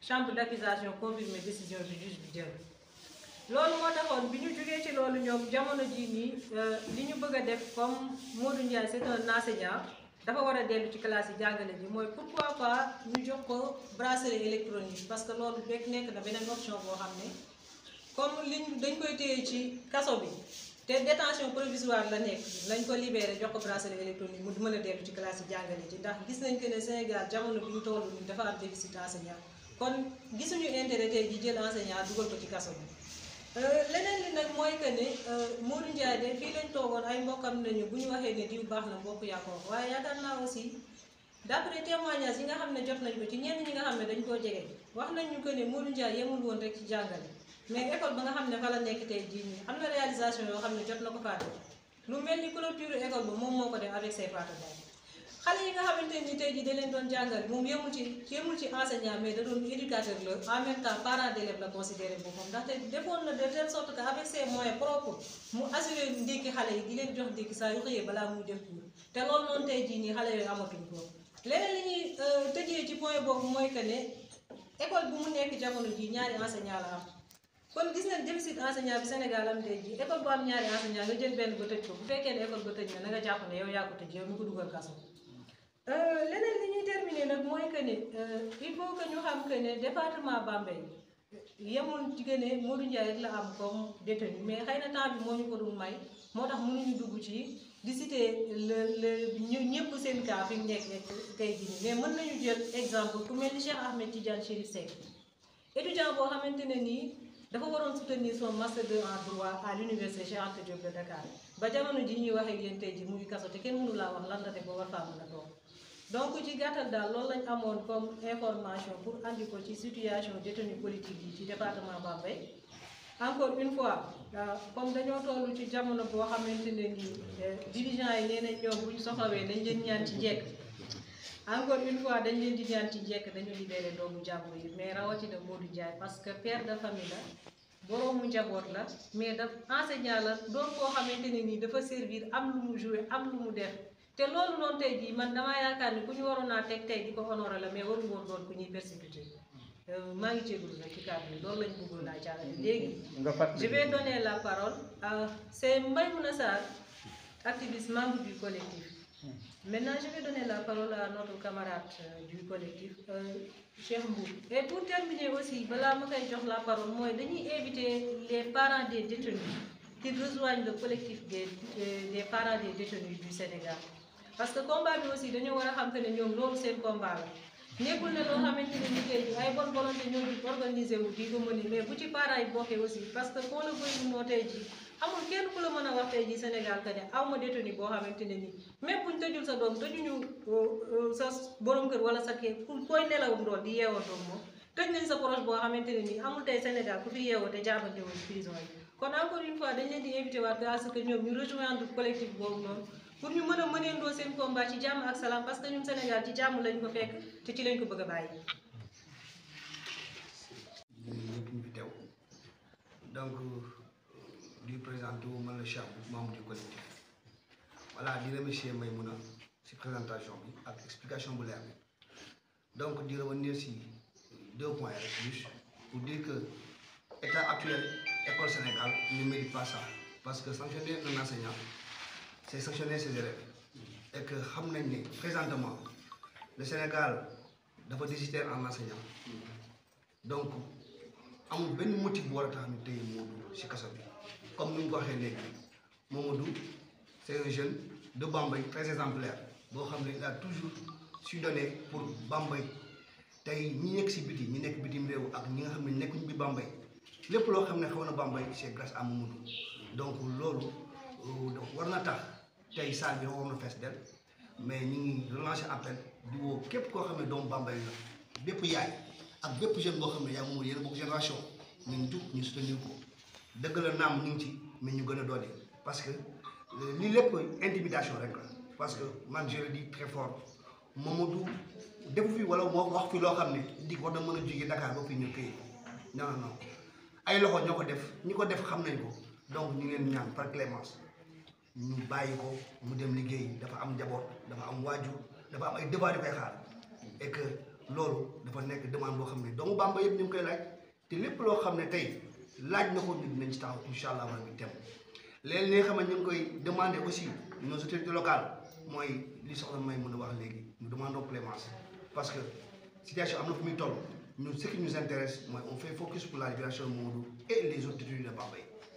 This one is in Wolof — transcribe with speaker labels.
Speaker 1: chambre d'accusation confirmé décision bi juge bi jël loolu moo taxoon bi ñu jógee ci loolu ñoom jamono ji nii euh, li ñu bëgg a def comme Modou Ndiaye c'est un enseignant dafa war a dellu ci classe yi jàngale bi mooy pourquoi pas ñu jox ko bracelet électronique parce que loolu bekk nekk na beneen option boo xam ne comme li dañ koy téye ci kaso bi te détention provisoire la nekk lañ ko libéré jox ko bracelet électronique mu mën a dellu ci classe yi jàngale ndax gis nañ ne Sénégal jamono bi ñu toll nii dafa am déficit enseignant kon gisuñu intérêt tey ji jël enseignant dugal ko ci kaso bi euh, leneen li nag mooy que ne euh, Modou Ndiaye de fii lañ toogoon ay mbokkam nañu bu ñu waxee ne diw baax na mbokk yaa ko waaye yaakaar naa aussi d'après témoignages yi nga xam ne jot nañ ko ci ñenn ñi nga xam ne dañ koo jege wax nañ ñu que ne Modou Ndiaye yemul woon rek ci jàngale mais école ba nga xam ne fa la nekk tey jii nii am na réalisation yoo xam ne jot na ko faa lu mel ni clôture école ba moom moo ko def avec ses partenaires xale yi nga xamante ni tey jii da leen doon jàngal moom yemul ci yemul ci enseignant mais da doon éducateur la en même temps parent d'élève la considéré boppam ndaxte defoon na de telle sorte que avec ses moyens propres mu assuré ndékki xale yi di leen jox ndékki saa yu xëyee balaa muy def tuur te loolu noonu tey jii nii xale yooyu amatuñ ko leneen li ñuy euh, tëjee ci point boobu mooy que ne école bu mu nekk jamono jii ñaari enseignant la am kon gis nañ déficit enseignant bi Sénégal am tey jii école bu am ñaari enseignant nga jël benn ba tëj ko bu fekkee ne école ba tëj na na nga jàpp ne yow yaa ko tëj yow mi ko dugal kaso Euh, leneen li ñuy terminer nag mooy que ne euh, il faut que ñu xam que ne département Bambey yemul ci gëne Modou Ndiaye rek la am comme détenu mais xëy na temps moo ñu ko dul may moo tax mu ñu dugg ci di citer le le ñu ñëpp seen cas fi mu nekk tey jii mais mën nañu jël exemple ku mel ni Cheikh Ahmed Tidiane Chérif Seck étudiant boo xamante nii. dafa waroon soutenir son master 2 en droit à l'université Cheikh Anta Diop de Dakar ba jamono ji ñuy wax ak yéen tey ji mu kaso te kenn mënu laa wax lan la ba war faa mën a doon donc ci gàttal daal loolu lañ amoon comme information pour andi ko ci situation détenu politique yi ci département Bambey encore une fois euh, comme dañoo toll ci jamono boo xamante ne nii eh, dirigeant yi nee nañ ñoom bu ñu soxlawee nañ leen ñaan ci njëkk. encore une fois dañ leen di ñaan ci njëkk dañu libéré doomu jàmbur yi mais rawatina Modou Ndiaye parce que père de famille la mu njaboot la mais daf enseignant la doon koo xamante ne nii dafa servir am lu mu joué am lu mu der te loolu noonu tey jii man damaa yaakaar ni ku ñu waroon a teg tey di ko honoré la mais waru woon doon ku ñuy persécuté euh, maa ngi jégalu nag ci kàddu bi loolu lañ bëggoon laa jàllale léegi.
Speaker 2: nga fàttali je vais donner
Speaker 1: la parole à mbay Mbaye Mouna Sarr activiste membre Mm. Maintenant, je vais donner la parole à notre camarade euh, du collectif, euh, Cheikh Et pour terminer aussi, voilà, je la parole. Moi, vais inviter les parents des détenus qui rejoignent le collectif des, euh, parents des détenus du Sénégal. Parce que le combat, nous aussi, nous avons un combat. nekkul ne loo xamante ne liggéey bi ay bonne volonté ñoo ngi organisé wu ko mën mais bu ci parents yi aussi parce que koo la bëri moo tey ji amul kenn ku la te a wax tey ji Sénégal ka boo xamante ne nii même buñ tëjul sa euh, sa borom kër wala sa kër koy nelawum doon di yeewoo doom moom tëj nañ sa proche boo xamante ne nii amul tey Sénégal ku fi yeewoo te jaaba ñëwoon prison yi kon encore une fois dañ leen di invité waat à ce que ñoom ñu rejoindre collectif boobu noonu pour ñu mën a mëneendoo seen combat ci jàmm ak salaam parce que Sénégal ci jàmm lañ ko fekk te ci lañ ko bëgg a bàyyi.
Speaker 2: ñëpp ñu fi teew donc di présenté wu man la Cheikh Abdou membre du collectif voilà di remercier Maymouna si présentation bi ak explication bu leer bi donc di revenir si deux points rek juste pour dire que état actuel école Sénégal ne mérite pas ça parce que sanctionner un enseignant. c'est sanctionner ses élèves et que xam nañ présentement le Sénégal dafa déficitaire en enseignant donc il y motif bu war a tax ñu casabi comme nous mu ko waxee c'est un jeune de Bambaye, très exemplaire il a toujours su donner pour Bambaye. tey ñi nekk si biti ñi nekk bitim réew ak ñi nga xam ne nekkuñu bi Bambaye. lépp c'est grâce à Mamadou donc loolu euh, war na tey salle bi waroon na fees del mais ñu ngi relancé appel di woo képp koo xam ne doomu Bambey la bépp yaay ak bépp jeune boo xam ne yaa ngi moom yéen bokk génération ñu ngi ci mais ñu gën a doole parce que euh, lii lépp intimidation rek la parce que man je le dis très fort Mamadou defu fi wala moo wax fi loo xam ne di war na mën a jógee Dakar ba ñu koy non non ay loxo ñoo ko def ñu ko def xam nañ ko donc ñu ngeen ñaan par clémence ñu bàyyi ko mu dem liggéey dafa am njaboot dafa am waajur dafa am ay devoir yu koy xaar et loolu dafa nekk demande boo xam ne doomu Bamba yëpp ñu ngi koy laaj te lépp loo xam ne tey laaj na ko ñu dinañ ci taxaw incha allah wala ñu dem léegi li nga xam ne ñu ngi koy demandé aussi nos autorités locales mooy li soxla may mën a wax léegi nous demandons clémence parce que situation am na fu muy toll ñun ce qui nous mooy on fait focus pour la libération de Modou